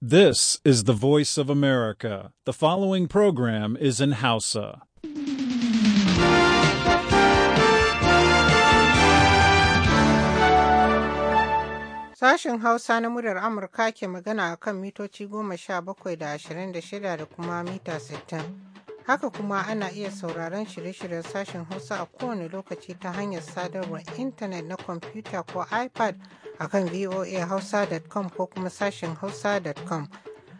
This is the voice of America. The following program is in Hausa. Sashen Hausa na muryar Amurka ke magana a kan mitoci goma sha bakwai da ashirin da shida da kuma mita sittin. Haka kuma ana iya sauraron shirye-shiryen sashen Hausa a kowane lokaci ta hanyar sadarwar intanet na kwamfuta ko iPad akan voahausa.com ko kuma sashen hausa.com.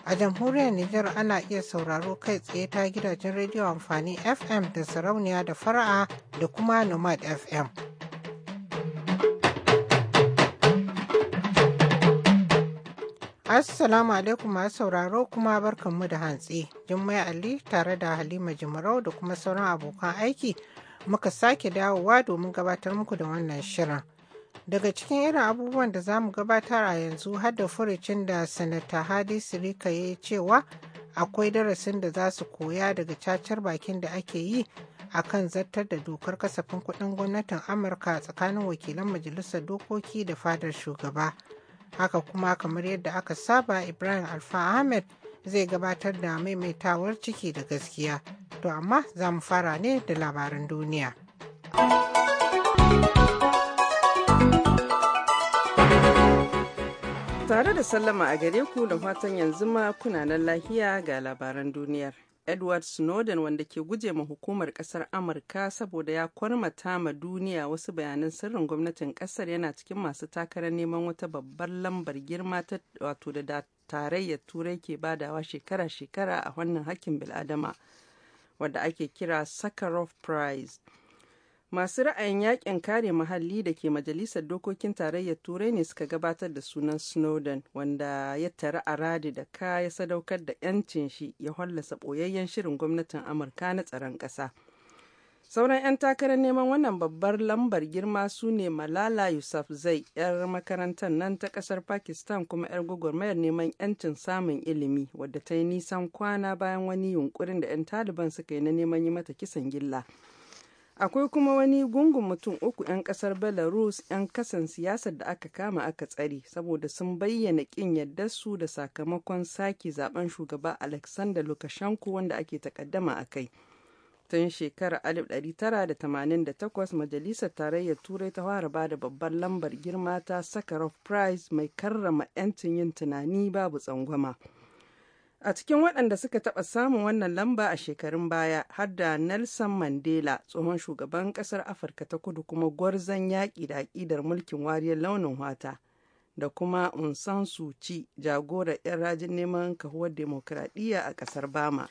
A jamhuriyar Nijar ana iya sauraro kai tsaye ta gidajen rediyo amfani FM da sarauniya da fara'a da kuma Nomad FM. Assalamu alaikum masu sauraro kuma barkanmu da hantsi. Jummai Ali tare da Halima Jimarau da kuma sauran abokan aiki muka sake dawowa domin gabatar muku da wannan shirin. daga cikin irin abubuwan da za mu gabatar a yanzu har da furucin da sanata hadi sirika ya yi cewa akwai darasin da za su koya daga cacar bakin da ake yi a kan zartar da dokar kasafin kudin gwamnatin amurka tsakanin wakilan majalisar dokoki da fadar shugaba haka kuma kamar yadda aka saba ibrahim alfa ahmed zai gabatar da maimaitawar ciki da gaskiya to amma za mu fara ne da labaran duniya. Tare da sallama a gare ku da fatan yanzu ma kuna nan lahiya ga labaran duniyar. Edward Snowden wanda ke guje ma hukumar kasar Amurka saboda ya kwarmata ma duniya wasu bayanan sirrin gwamnatin kasar yana cikin masu takarar neman wata babbar lambar girma ta wato da tarayyar turai ke badawa shekara-shekara a wannan hakkin bil'adama wanda ake kira Sakharov Prize. masu ra'ayin yakin kare muhalli da ke majalisar dokokin tarayyar turai ne suka gabatar da sunan snowden wanda ya tara a radi da kaya sadaukar da 'yancin shi ya hollasa boyayyen shirin gwamnatin amurka na tsaron ƙasa sauran 'yan takarar neman wannan babbar lambar girma su ne malala zai 'yar makarantar nan ta kasar pakistan kuma 'yar gwagwarmayar neman 'yancin samun ilimi wadda ta yi nisan kwana bayan wani yunkurin da 'yan taliban suka yi na neman yi mata kisan gilla akwai kuma wani gungun mutum uku 'yan kasar belarus 'yan kasan siyasar da aka kama aka tsare saboda sun bayyana kin yadda su da sakamakon sake zaben shugaba alexander lukashenko wanda ake takaddama a kai tun shekarar 1988 majalisar tarayyar turai ta fara bada babbar lambar girma ta sakharov prize mai karrama 'yancin yin tunani babu tsangwama. A cikin waɗanda suka taɓa samun wannan lamba a shekarun baya har da Nelson Mandela tsohon shugaban ƙasar Afirka ta kudu kuma gwarzon yaƙi da aƙidar mulkin wariyar launin wata da kuma Unsan Suci jagora 'yan rajin neman kahuwar demokradiyya a ƙasar Bama.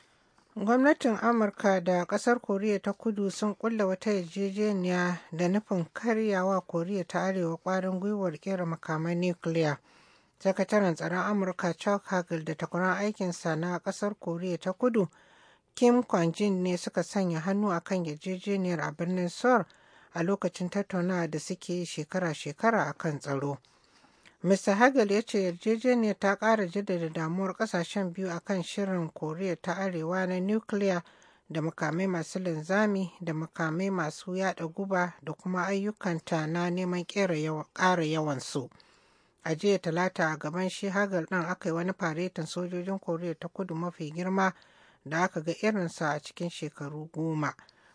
Gwamnatin Amurka da ƙasar Koriya ta kudu sun kulla wata yarjejeniya da nufin karyawa Koriya ta Arewa ƙwarin gwiwar ƙera makaman nukiliya. sakataren tsaron amurka chuck hagel da takwaran aikinsa na kasar koriya ta kudu kim kwanjin ne suka sanya hannu a kan yarjejeniyar a birnin seoul a lokacin tattaunawa da suke shekara-shekara a kan tsaro mr hagel ya ce yarjejeniyar ta ƙara jaddada damuwar ƙasashen biyu akan shirin koriya ta arewa na nukiliya da makamai masu linzami da makamai masu yada guba da kuma ayyukanta na neman ƙara yawansu. yawan su a jiya talata a gaban shi hagar ɗin aka yi wani faretin sojojin koriya ta kudu mafi girma da aka ga irinsa a cikin shekaru goma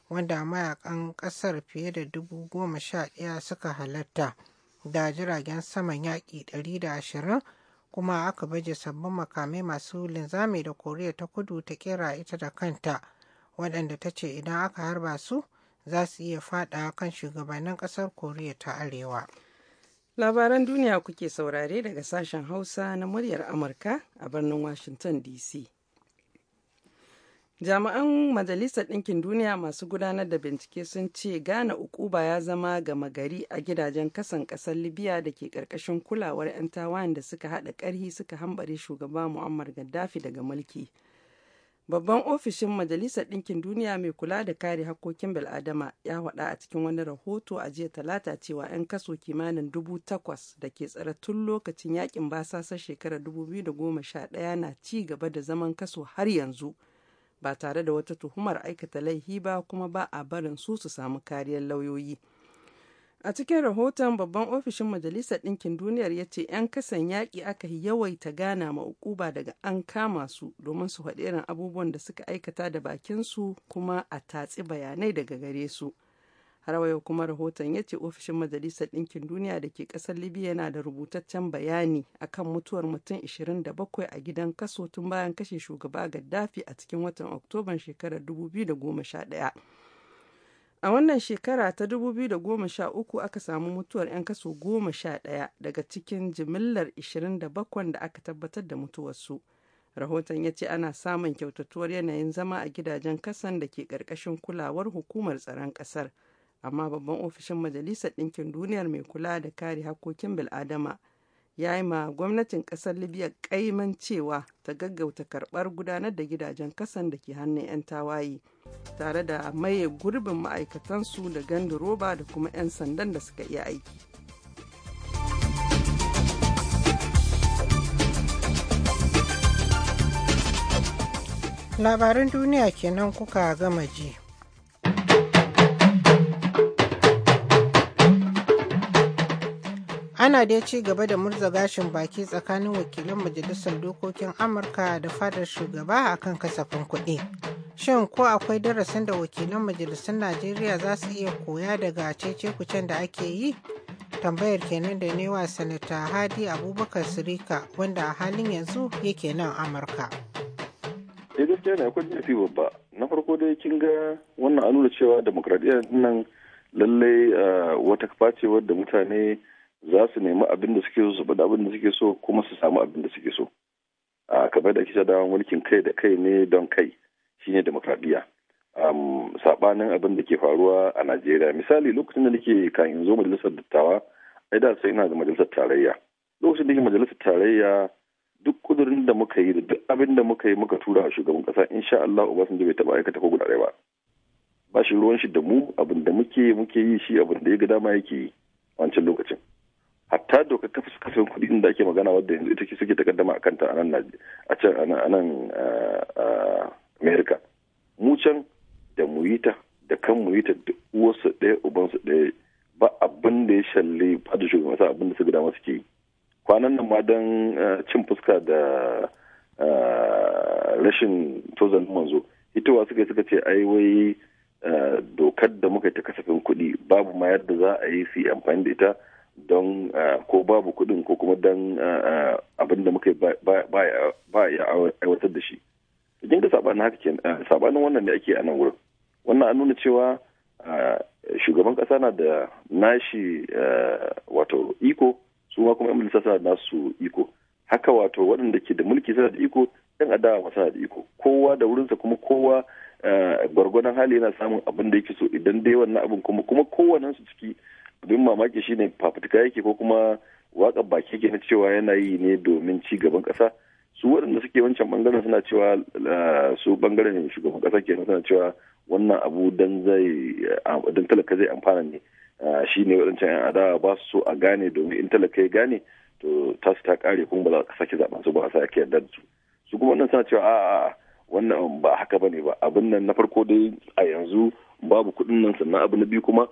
wanda mayakan ƙasar fiye da dubu goma sha ɗaya suka halatta da jiragen saman yaƙi ɗari da ashirin kuma aka baje sabbin makamai masu linzami da koriya ta kudu ta kera ita da kanta waɗanda ta ce idan aka harba su za su iya faɗa kan shugabannin ƙasar koriya ta arewa Labaran duniya kuke saurare daga sashen Hausa na muryar Amurka a birnin Washington DC. Jami'an Majalisar Ɗinkin Duniya masu gudanar da bincike sun ce Ghana ukuba ya zama gama gari a gidajen kasan ƙasar Libya da ke ƙarƙashin kulawar 'yan tawayen da suka haɗa ƙarhi suka hambare shugaba Muammar Gaddafi daga mulki. babban ofishin majalisar ɗinkin duniya mai kula da kare hakkokin bil'adama ya faɗa a cikin wani rahoto a jiya talata cewa 'yan kaso kimanin dubu takwas da ke tsare tun lokacin yakin basasar shekarar 2011 na ci gaba da zaman kaso har yanzu ba tare da wata tuhumar aikata laifi ba kuma ba a barin su su samu kariyar lauyoyi. A cikin rahoton babban ofishin Majalisar Ɗinkin Duniyar ya ce 'yan kasan yaƙi aka yawaita gana ma ukuba daga an kama su domin su faɗi irin abubuwan da suka aikata da bakin su kuma a tatsi bayanai daga gare su. har yau kuma rahoton ya ce ofishin majalisar ɗinkin duniya da ke ƙasar libya yana da rubutaccen bayani akan mutuwar mutum 27 a gidan kaso tun bayan kashe shugaba gaddafi a cikin watan oktoban shekarar 2011 A wannan shekara ta 2013 aka samu mutuwar 'yan kaso 11 daga cikin jimillar 27 da aka tabbatar da mutuwarsu. Rahoton ya ce ana samun kyautatuwar yanayin zama a gidajen kasan da ke ƙarƙashin kulawar hukumar tsaron ƙasar. Amma babban ofishin Majalisar Ɗinkin Duniyar mai kula da kare hakkokin bil'adama. ya yi ma gwamnatin kasar libya kaiman cewa ta gaggauta karɓar gudanar da gidajen kasan da ke hannun 'yan tawaye tare da maye gurbin ma'aikatansu da gandu da kuma 'yan sandan da suka iya aiki labaran duniya kenan kuka gama ji ana dai ci gaba da murza gashin baki tsakanin wakilan majalisar dokokin amurka da fadar shugaba a kan kasafin kuɗi shin ko akwai darasin da wakilan majalisar najeriya za su iya koya daga cece-kucen da ake yi tambayar kenan da newa sanata hadi abubakar sirika wanda a halin yanzu yake nan amurka eh, babba na farko dai kin ga wannan a nuna cewa nan lallai ah, wata kafa ce wadda mutane za su nemi abin da suke so su faɗi abin da suke so kuma su samu abin da suke so a kamar da kisa da mulkin kai da kai ne don kai shine demokradiyya um, sabanin abin da ke faruwa a najeriya misali lokacin da nake kan zo majalisar dattawa ai da sai ina da majalisar tarayya lokacin da ke majalisar tarayya duk kudurin da muka yi da duk abin da muka yi muka tura a shugaban kasa insha Allah Obasanjo bai taba aikata ko guda ɗaya ba ba shi ruwan shi da mu abin da muke muke yi shi abin da ya ga dama yake yi a wancan lokacin hatta dokar kafa kasafin kuɗi da ake magana wadda yanzu ita ke suke takaddama a kanta a nan a can america mu can da mu yi ta da kan mu yi ta da uwarsu ɗaya ubansu ɗaya ba abin da ya shalle ba da shugaban sa abin da su dama suke yi kwanan nan ma don cin fuska da rashin tozan manzo hitowa suka suka ce ai wai dokar da muka yi ta kasafin kuɗi babu ma yadda za a yi su yi amfani da ita don uh, ko babu kuɗin ko kuma don uh, uh, abin da muka ba ya aiwatar da shi kin ga sabanin haka ke sabanin wannan da ake a nan wurin wannan an nuna cewa shugaban ƙasa na da nashi wato iko su ma kuma 'yan majalisa suna da nasu iko haka wato waɗanda ke da mulki suna da iko yan adawa suna da iko kowa da wurinsa kuma kowa gwargwadon hali yana samun abin da yake so idan dai wannan abin kuma kuma kowannen su ciki abin mamaki shine fafutuka yake ko kuma waka baki yake na cewa yana yi ne domin ci gaban ƙasa su waɗanda suke wancan bangaren suna cewa eh, su bangaren shugaban ƙasa ke suna cewa wannan abu dan zai eh, dan talaka zai amfana ne eh, shi ne waɗancan yan adawa ba su so a gane domin in talaka ya gane to tasu ta kare kuma ba za ka sake zaɓen su ba sa ake yarda su su kuma wannan suna cewa a'a wannan ba haka bane ba abin nan na farko dai a yanzu babu kuɗin nan sannan abu na biyu kuma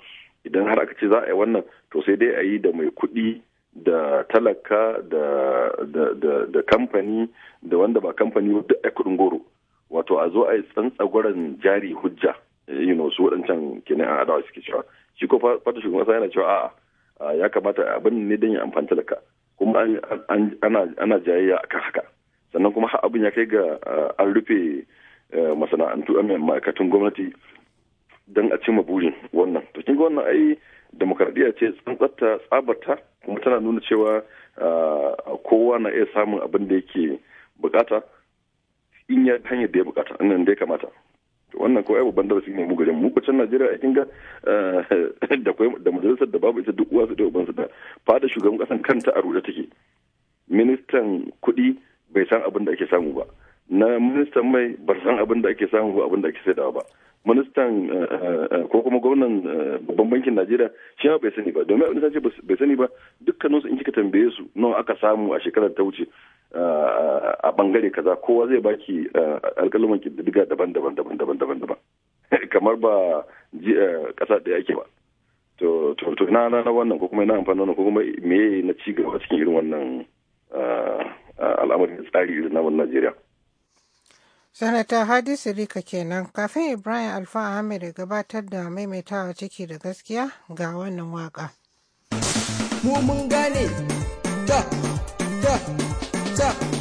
idan har aka ce za a yi wannan to sai dai a yi da mai kuɗi da talaka da kamfani da wanda ba kamfani ba duk kuɗin goro wato a zo a yi tsantsagwaron jari hujja eh, yi know waɗancan kenan a adawa suke cewa shi ko fata shugaban kasa yana cewa a'a ya kamata abin ne don ya amfani talaka kuma ana jayayya akan haka sannan kuma har abin ya kai ga an rufe eh, masana'antu a ma'aikatan gwamnati don a cimma burin wannan to kin ga wannan ai demokradiya ce tsantsatta tsabarta kuma tana nuna cewa ah, kowa na iya samun abin da yake bukata in ya hanyar da ya bukata annan da ya kamata wannan kawai babban darasi ne mu garin mu ko can Najeriya a kinga ah, da da majalisar da babu ita duk uwa su da su da fada shugaban kasan kanta a rude take ministan kuɗi bai san abin da ake samu ba na ministan mai bar san abin da ake samu ba abin da ake saidawa ba ministan eh, eh, eh, ko kuma gwamnan babban bankin najeriya shi ma bai sani ba domin abin da sace bai sani ba dukkanin su in kika tambaye su nawa aka samu a shekarar ta wuce a bangare kaza kowa zai baki alkalaman kididdiga daban daban daban daban daban daban kamar ba kasa da yake ba to to na na wannan ko kuma na amfani wannan ko kuma me na ci gaba cikin irin wannan al'amarin tsari na Najeriya Sanata Hadi Sirika kenan kafin Ibrahim Alfa Ahmed ya gabatar da maimaitawa ciki da gaskiya ga wannan waka. Mu mun gane ta ta ta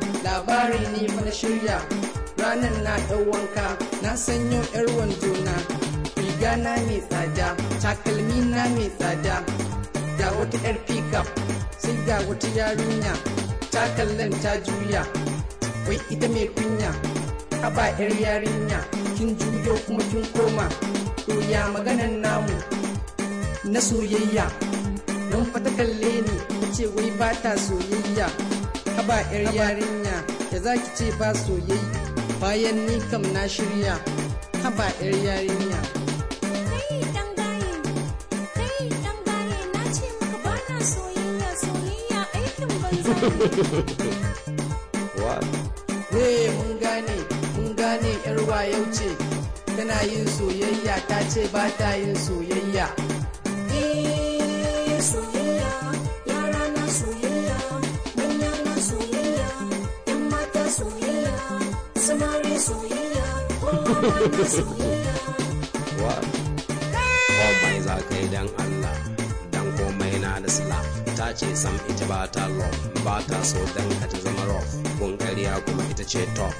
tsari ne fa na shirya ranar na ɗan wanka na sanyo yar wando na riga na mai tsada takalmi na mai tsada ga wata yar pickup sai ga wata yarinya. ta kallon ta juya wai ita mai kunya a ba yar yarinya kin juyo kuma kin koma ya maganan namu na soyayya don fata kalle ni ce wai ba ta soyayya ba yar yarinya za ki ce ba soyayi bayan ni kam na shirya haba 'yar yarinya. Ne mun gane, mun gane 'yar wayau ce, tana yin soyayya ta ce ba ta yin soyayya. wa komai za allah dan komai na da ce sam ita ba ta love ba ta so dan ka ta zama rof kun ƙarya kuma ita ce top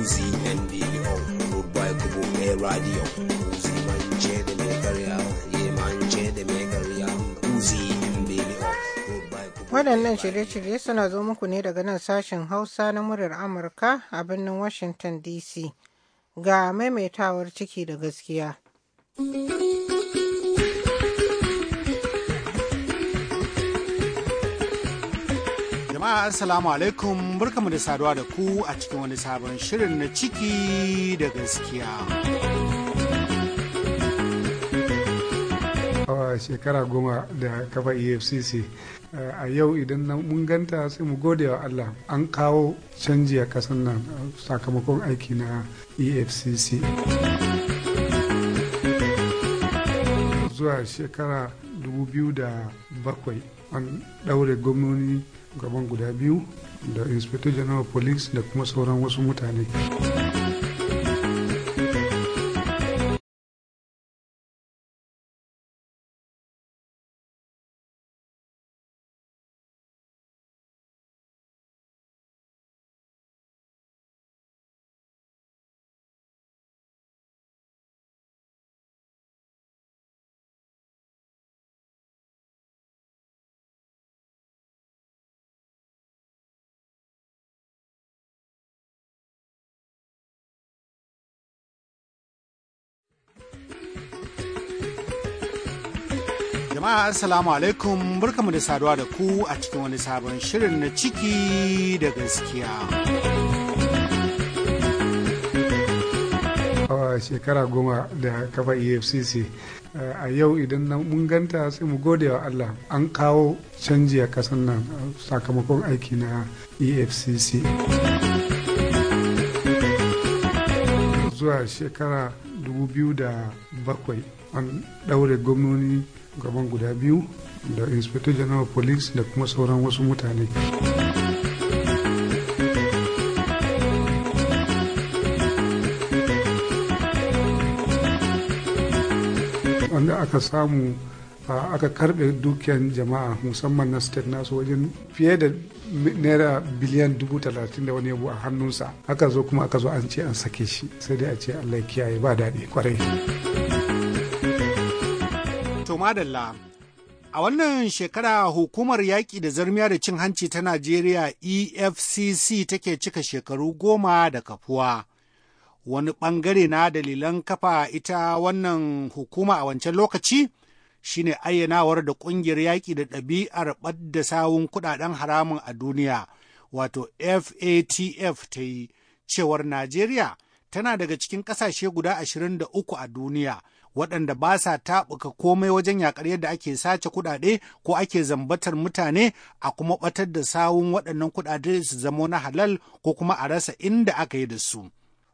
uzi nbo rude boy kubo mai radio uzi man ce da mai karya ye eh, man ce da mai karya uzi nbo waɗannan shirye-shirye suna zo muku ne daga nan sashen hausa na muryar amurka a birnin washington dc ga maimaitawar ciki da gaskiya. jama'a assalamu alaikum barkamu da saduwa da ku a cikin wani sabon shirin na ciki da gaskiya. a shekara goma da kafa efcc a yau idan na ganta sai mu gode wa allah an kawo canji a kasan nan sakamakon aiki na efcc zuwa shekara da bakwai an daure gwamnoni gaban guda biyu da inspector general police da kuma sauran wasu mutane jama'a assalamu alaikum barkamu da saduwa da ku a cikin wani sabon shirin na ciki da gaskiya a shekara goma da kafa efcc a yau idan mun ganta sai mu gode wa allah an kawo canji a kasan nan sakamakon aiki na efcc zuwa shekara 2007 an ɗaure gwamnoni gaban guda biyu da inspector general police da kuma sauran wasu mutane wanda aka samu aka karbe dukiyar jama'a musamman na state nasu wajen fiye da naira biliyan dubu talatin da wani yabo a hannunsa aka zo kuma aka zo an ce an sake shi sai dai a ce allah kiyaye ba daɗi kwarai madalla. A wannan shekara hukumar yaƙi da zarmiya da cin hanci ta Najeriya EFCC take cika shekaru goma da kafuwa. Wani ɓangare na dalilan kafa ita wannan hukuma a wancan lokaci shine ayyanawar da ƙungiyar yaƙi da ɗabi'ar ɓadda sawun kuɗaɗen haramun a duniya, wato FATF ta yi, cewar Najeriya tana daga cikin ƙasashe guda 23 a duniya. waɗanda ba sa taɓuka komai wajen yaƙar yadda ake sace kuɗaɗe ko ake zambatar mutane a kuma ɓatar da sawun waɗannan kuɗaɗe su zamo na halal ko kuma a rasa inda aka yi da su.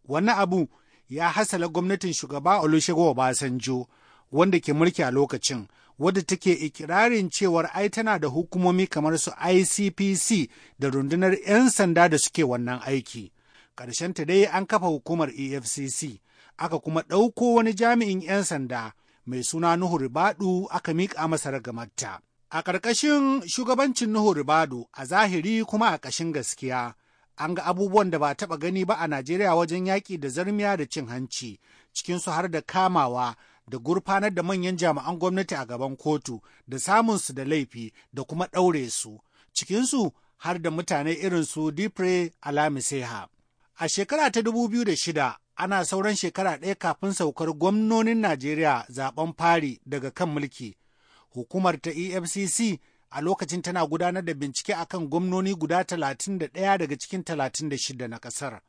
Wannan abu ya hasala gwamnatin shugaba Olusegun Obasanjo wanda ke mulki a lokacin. wadda take ikirarin cewar ai tana da hukumomi kamar su ICPC da rundunar 'yan sanda da suke wannan aiki. ta dai an kafa hukumar EFCC aka kuma ɗauko wani jami'in 'yan sanda mai suna Nuhu Ribadu aka miƙa masa ragamarta. A ƙarƙashin shugabancin Nuhu Ribadu a zahiri kuma a ƙashin gaskiya, an ga abubuwan da ba taɓa gani ba a Najeriya wajen yaƙi da zarmiya da cin hanci, cikinsu har da kamawa da gurfanar da manyan jami'an gwamnati a gaban kotu da samun su da laifi da kuma ɗaure su, cikinsu har da mutane irin su Dipre Alamiseha. A shekara ta dubu biyu da shida. ana sauran shekara ɗaya kafin saukar gwamnonin Najeriya zaben fari daga kan mulki. Hukumar ta EFCC a lokacin tana gudanar da bincike a kan gwamnoni guda 31 daga cikin 36 na ƙasar.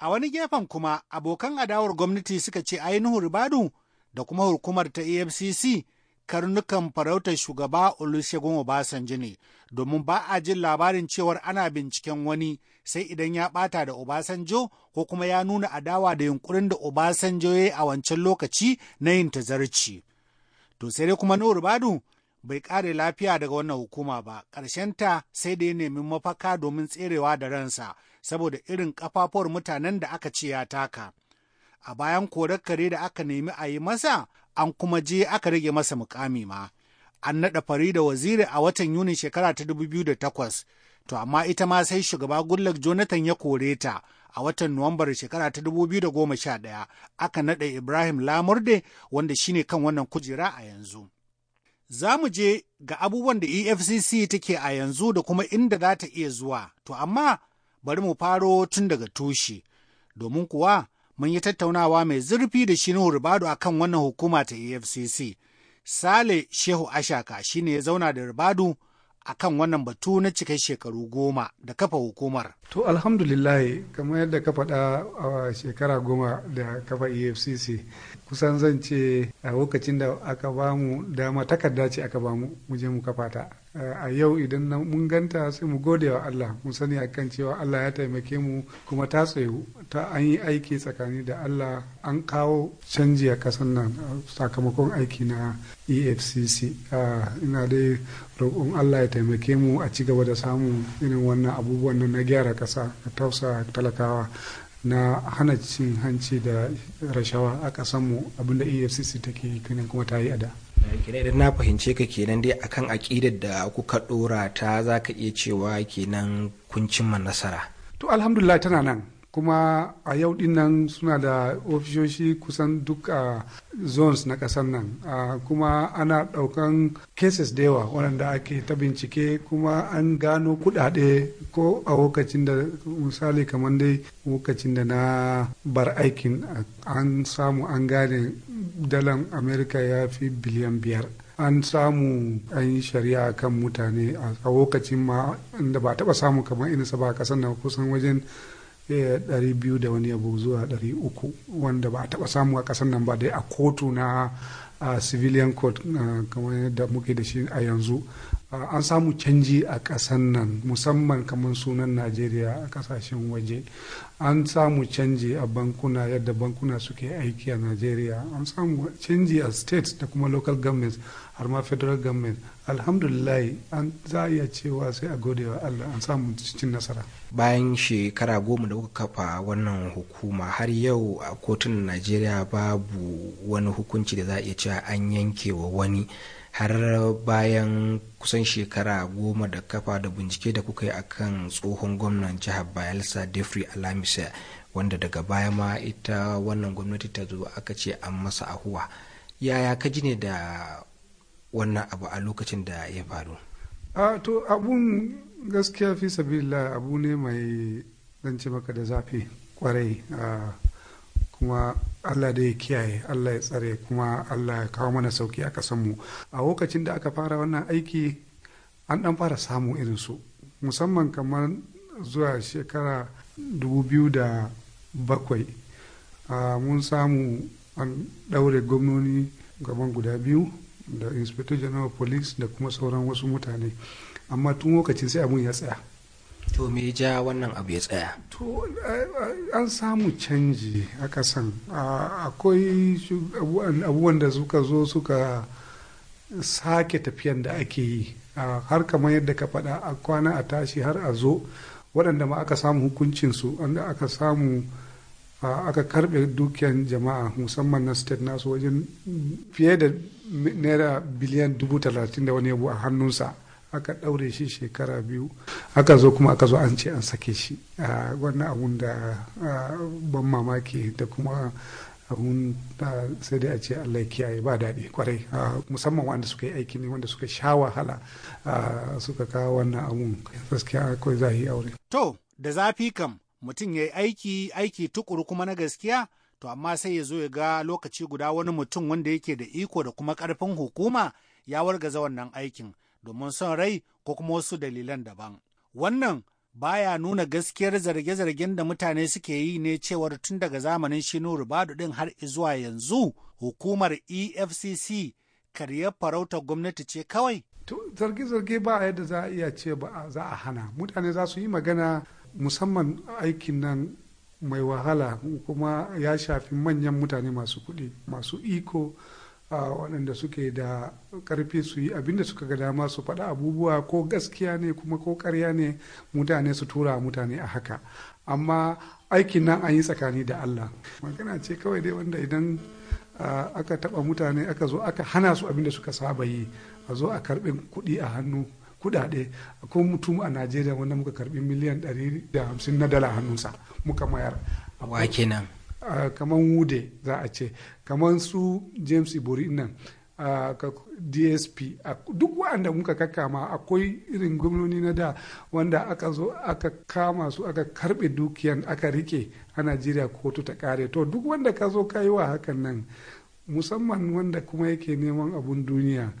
A wani gefen kuma abokan adawar gwamnati suka ce ainihin ribadu da kuma hukumar ta EFCC karnukan farautar shugaba Olusegun Obasanjo ne domin ba a jin labarin cewar ana binciken wani sai idan ya ɓata da Obasanjo ko kuma ya nuna adawa da yunkurin da Obasanjo ya yi a wancan lokaci na yin tazarci. To sai dai kuma Nuhu Badu bai kare lafiya daga wannan hukuma ba, ta sai da ya nemi mafaka domin tserewa da ransa saboda irin kafafuwar mutanen da aka ce ya taka. A bayan korakare da aka nemi a yi masa, an kuma je aka rage masa mukami ma. an naɗa fari da Waziri a watan Yuni shekara ta 2008 to amma ita ma sai shugaba Goodluck Jonathan ya kore ta a watan Nuwambar shekara ta 2011 aka naɗa Ibrahim Lamurde wanda shine kan wannan kujera a yanzu. Za mu je ga abubuwan da EFCC take a yanzu da kuma inda za ta iya zuwa, to amma bari mu faro tun daga tushe, domin kuwa mun yi tattaunawa mai zurfi da shi Nuhu a kan wannan hukuma ta EFCC. Sale Shehu Ashaka shine ya zauna da Ribadu a kan wannan batu na cikai shekaru goma da kafa hukumar. To alhamdulillah kamar yadda ka faɗa a shekara goma da kafa EFCC kusan zan ce a lokacin da aka bamu dama takarda ce aka bamu mu je mu kafa ta. a yau idan mun ganta sai mu gode wa Allah mu sani akan cewa Allah ya taimake mu kuma ta tsayu ta an yi aiki tsakani da Allah an kawo canji a kasan nan sakamakon aiki na EFCC ina dai roƙon Allah ya taimake mu a ci gaba da samun irin wannan abubuwan nan na gyara ƙasa a tausa talakawa na hana cin hanci da rashawa a ƙasanmu abinda EFCC take yi kuma ta yi a da. kenan idan na fahimce ka kenan dai akan aƙidar da kuka ɗora ta za ka iya cewa kenan kun cimma nasara to alhamdulillah tana nan kuma a yau din nan suna da ofishoshi kusan duk a zones na ƙasar nan kuma ana ɗaukan cases da yawa waɗanda ake ta bincike kuma an gano kuɗaɗe ko a lokacin da misali kamar dai lokacin da na bar aikin an samu an gane dalan amerika ya fi biliyan biyar an samu an yi shari'a kan mutane a lokacin ma inda ba taba samu kamar inisa ba kasan na kusan wajen eh, ɗari biyu da wani abu zuwa ɗari uku wanda ba a taɓa samu a kasan nan ba dai a kotu na civilian court kamar yadda muke da shi a yanzu an samu canji a kasan nan musamman kamar sunan najeriya a kasashen waje an samu canji a bankuna yadda bankuna suke aiki a nigeria an samu canji a state da kuma local government har ma federal government alhamdulillah an za a iya cewa sai a gode wa allah an samu cikin nasara bayan shekara goma da kuka kafa wannan hukuma har yau a kotun najeriya babu wani hukunci da za a iya cewa an yanke wa wani har bayan kusan shekara goma da kafa da bincike da kuka yi a kan tsohon gwamnan jihar bayelsa defri alamisa wanda daga baya ma ita wannan gwamnati ta zo aka ce an masa ahuwa yaya ka ji ne da wannan abu a lokacin da ya faru a to abun gaskiya fi sabila abu ne mai zance maka da zafi kwarai kuma allah da ya kiyaye allah ya tsare kuma allah ya kawo mana sauki a kasanmu a lokacin da aka fara wannan aiki an dan fara samu irinsu musamman kamar zuwa shekara 2007 mun samu an daure gwamnoni gaban guda biyu da inspector general police da kuma sauran wasu mutane amma tun lokacin sai abun ya tsaya to me ja wannan abu ya tsaya to an samu canji aka san akwai abubuwan da suka zo suka sake tafiyan da ake yi har kamar yadda ka faɗa a kwana a tashi har a zo waɗanda ma aka samu hukuncinsu wanda aka samu aka karbe dukiyan jama'a musamman na state nasu wajen fiye da naira biliyan dubu talatin da wani yabo a hannunsa aka ɗaure shi shekara biyu aka zo kuma aka zo an ce an sake shi a wannan abun da ban mamaki da kuma abun da sai dai a ce allah kiyaye ba daɗi kwarai musamman wanda suka yi aiki ne wanda suka sha wahala suka kawo wannan abun gaskiya akwai zahi aure to da zafi kam mutum ya yi aiki aiki tukuru kuma na gaskiya to amma sai ya zo ya ga lokaci guda wani mutum wanda yake da iko da kuma karfin hukuma ya wargaza wannan aikin domin son rai ko kuma wasu dalilan daban wannan baya nuna gaskiyar zarge-zargen da mutane suke yi ne cewar tun daga zamanin shinu rubadu din har zuwa yanzu hukumar efcc karyar farautar gwamnati ce kawai zarge-zarge ba a yadda za a iya ce ba za a hana mutane za su yi magana musamman aikin nan mai wahala kuma ya shafi manyan mutane masu kuɗi masu iko waɗanda suke da ƙarfi su yi abinda suka ga dama su faɗa abubuwa ko gaskiya ne kuma ko ƙarya ne mutane su tura mutane a haka amma aikin nan an yi tsakani da allah magana ce kawai dai wanda idan aka taɓa mutane aka zo aka hana su abinda suka saba yi a zo a karɓi kuɗi a hannu kudade akwai mutum a najeriya wanda muka karbi miliyan 150 na dala hannunsa muka mayar wa kenan kamar wude za a ce kamar su james ibori nan dsp duk waɗanda muka kakkama akwai irin gwamnoni na da wanda aka zo aka kama su aka karbe dukiyan aka rike a najeriya kotu ta kare to duk wanda ka zo ka yi wa hakan nan musamman wanda kuma yake neman abun duniya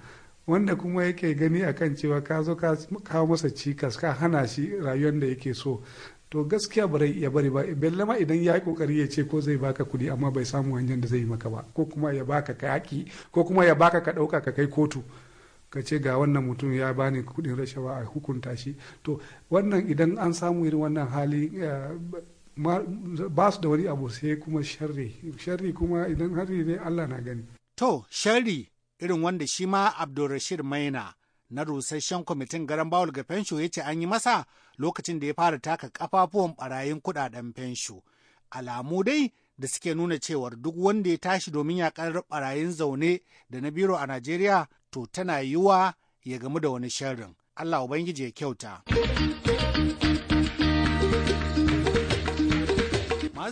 wanda kuma yake gani a kan cewa ka zo ka kawo masa cikas ka hana shi rayuwar da yake so to gaskiya ba ya bari ba bellama ma idan ya yi kokari ya ce ko zai baka kuɗi amma bai samu hanyar da zai yi maka ba ko kuma ya baka ka yaki ko kuma ya baka ka ɗauka ka kai kotu ka ce ga wannan mutum ya bani kuɗin rashawa a hukunta shi to wannan idan an samu irin wannan hali eh, ba su da wani abu sai kuma sharri sharri kuma idan harri ne allah na gani to sharri irin wanda shi ma Abdulrashid Maina na rusasshen kwamitin garan bawul ga fensho ya ce an yi masa lokacin da ya fara taka kafafuwan barayin kudaden fensho. Alamu dai da suke nuna cewar duk wanda ya tashi domin yakar barayin zaune da na biro a Najeriya to tana yiwa ya gamu da wani sharrin. Allah Ubangiji ya kyauta.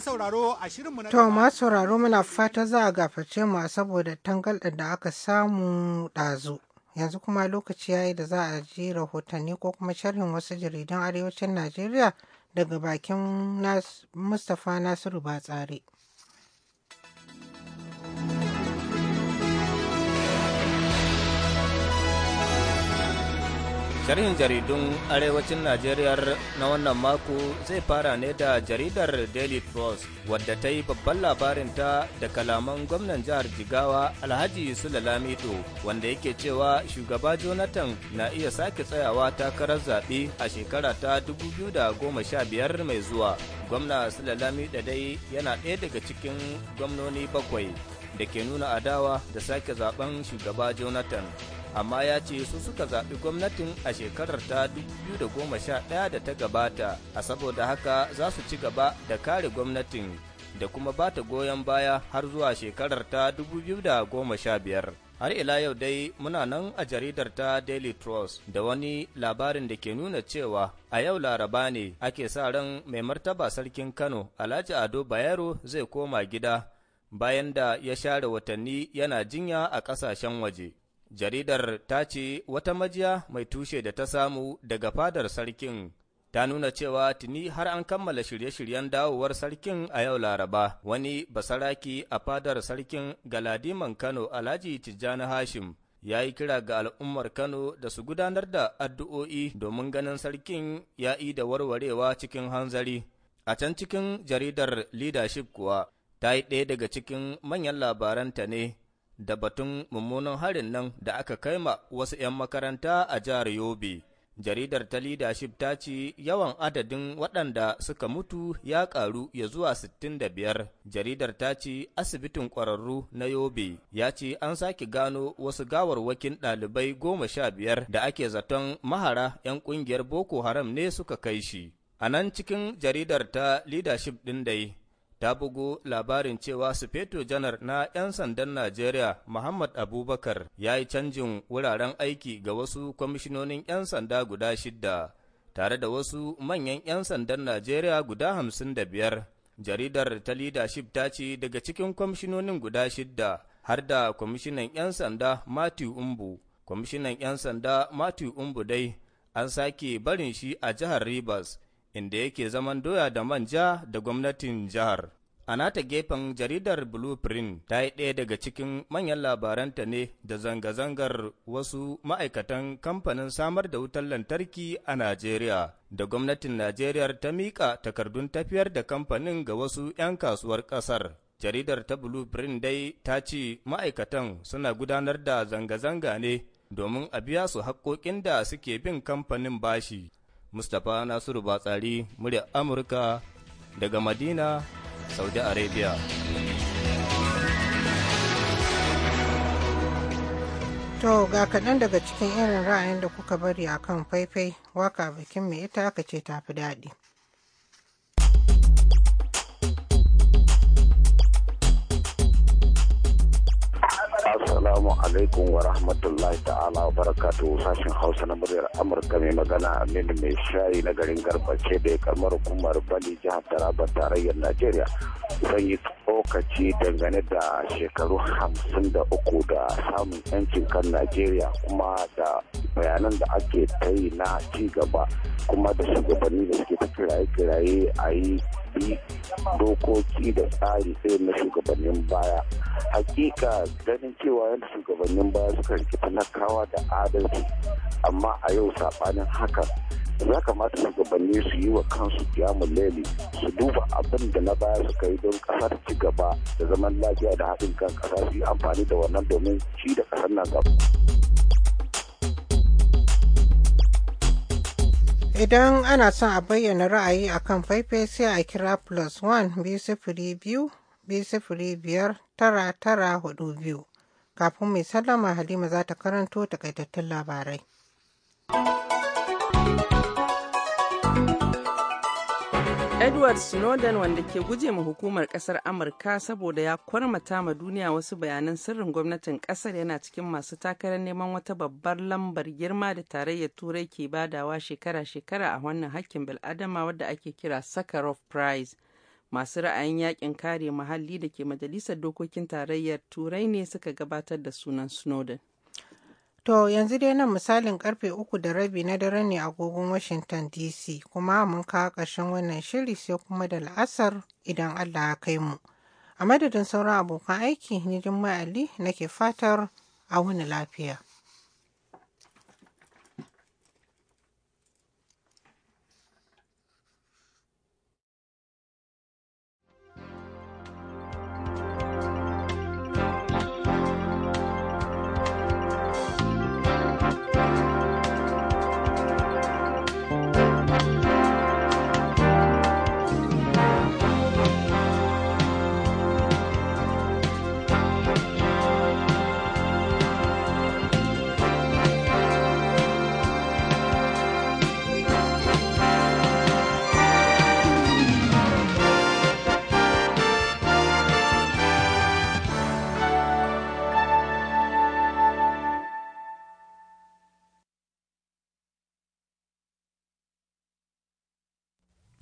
sauraro To masu sauraro muna fata za a gaface mu saboda tangal da aka samu ɗazu. Yanzu kuma lokaci yayi da za a ji rahotanni ko kuma sharhin wasu jaridan arewacin Najeriya daga bakin Mustapha Nasiru Batsari. Sharhin jaridun Arewacin Najeriya na wannan mako zai fara ne da jaridar Daily Trust wadda ta yi babban labarinta da kalaman gwamnan jihar Jigawa Alhaji lamido wanda yake cewa shugaba Jonathan na iya sake tsayawa takarar zaɓe a shekara ta 2015 mai zuwa. Gwamna lamido dai yana ɗaya daga cikin gwamnoni bakwai da ke nuna adawa da sake zaben shugaba Jonathan. amma ya ce su suka zaɓi gwamnatin a shekarar ta 2011 da ta gabata a saboda haka za su ci gaba da kare gwamnatin da kuma ba ta goyon baya har zuwa shekarar ta 2015. har ila yau dai muna nan a jaridar ta Daily Trust da wani labarin da ke nuna cewa a yau laraba ne ake sa ran mai martaba sarkin Kano Alhaji Ado Bayero zai koma gida bayan da ya share watanni yana jinya a ƙasashen waje. Jaridar ta ce wata majiya mai tushe da ta samu daga fadar sarkin ta nuna cewa tuni har an kammala shirye-shiryen dawowar sarkin a yau Laraba, wani basaraki a fadar sarkin Galadiman Kano Alhaji Tijjani Hashim ya yi kira ga al'ummar Kano da su gudanar da addu'o'i domin ganin sarkin ya yi da warwarewa cikin hanzari. A can cikin jaridar leadership kuwa, ta yi ɗaya daga cikin manyan labaranta ne. da batun mummunan harin nan da aka kai ma wasu ‘yan makaranta a jihar Yobe. Jaridar ta leadership ta ce yawan adadin waɗanda suka mutu ya ƙaru ya zuwa 65. Jaridar ta ce asibitin ƙwararru na Yobe ya ce an sake gano wasu gawarwakin ɗalibai goma sha biyar da ake zaton mahara 'yan ƙungiyar Boko Haram ne suka kai shi. A nan cikin jaridar ta leadership ɗin dai. ta bugu labarin cewa Sufeto Janar na 'yan sandan Najeriya Muhammad Abubakar ya yi canjin wuraren aiki ga wasu kwamishinonin 'yan sanda guda shidda, tare da wasu manyan 'yan sandan Najeriya guda hamsin da biyar. Jaridar ta leadership ta ce daga cikin kwamishinonin guda shidda har da kwamishinan 'yan sanda Matthew Umbu. Kwamishinan 'yan sanda Matthew Umbu dai an sake barin shi a jihar Rivers. inda yake zaman doya da manja da gwamnatin jihar. A nata gefen jaridar Blueprint ta yi ɗaya daga cikin manyan labaranta ne da zanga-zangar wasu ma'aikatan kamfanin samar da wutar lantarki a Najeriya, da gwamnatin Najeriya ta miƙa takardun tafiyar da kamfanin ga wasu 'yan kasuwar ƙasar. Jaridar ta Blueprint dai ta ce ma'aikatan suna gudanar da zanga-zanga ne domin a biya su haƙƙoƙin da suke bin kamfanin bashi Mustapha Nasiru Batsari murya Amurka daga Madina, Saudi Arabia. To ga kaɗan daga cikin irin ra'ayin da kuka bari a kan faifai waka bikin mai ita ka ce tafi daɗi. Assalamu alaikum wa rahmatullahi ta'ala wa barakatuhu sashen Hausa na muryar Amurka mai magana Aminu mai shayi na garin Garbace da ya karmar hukumar Bali jihar Taraba tarayyar Najeriya. Zan yi tsokaci dangane da shekaru hamsin da uku da samun yancin kan Najeriya kuma da bayanan da ake ta yi na ci gaba kuma da shugabanni da suke ta kiraye-kiraye a yi bi dokoki da tsari sai na shugabannin baya hakika ganin cewa yadda shugabannin baya suka na kawa da adalci amma a yau saɓanin haka ya kamata shugabanni su yi wa kansu kiyamun leli su duba abin da na baya suka yi don ƙasar ci gaba da zaman lafiya da haɗin kan ƙasa su yi amfani da wannan domin ci da ƙasar nan gaba. Idan ana son a bayyana ra'ayi a kan faifai sai a kira plus one biyu sifiri biyu biyu sifiri biyar tara tara hudu biyu. Kafin mai sallama Halima za ta karanto takaitattun labarai. Edward Snowden wanda ke guje ma hukumar kasar Amurka saboda ya kwarmata ma duniya wasu bayanan sirrin gwamnatin kasar yana cikin masu takarar neman wata babbar lambar girma da tarayyar turai ke badawa shekara-shekara a wannan hakkin bil'adama wadda ake kira Sakharov Prize. Masu ra'ayin yakin kare muhalli da ke majalisar dokokin tarayyar turai ne suka gabatar da sunan Snowden. To yanzu dai nan misalin karfe uku da rabi na dare ne a agogon Washington DC kuma mun kawo ƙarshen wannan shiri sai kuma da la'asar idan Allah ya kai mu. A madadin sauran abokan aiki ni Jummai Ali nake fatar a wani lafiya.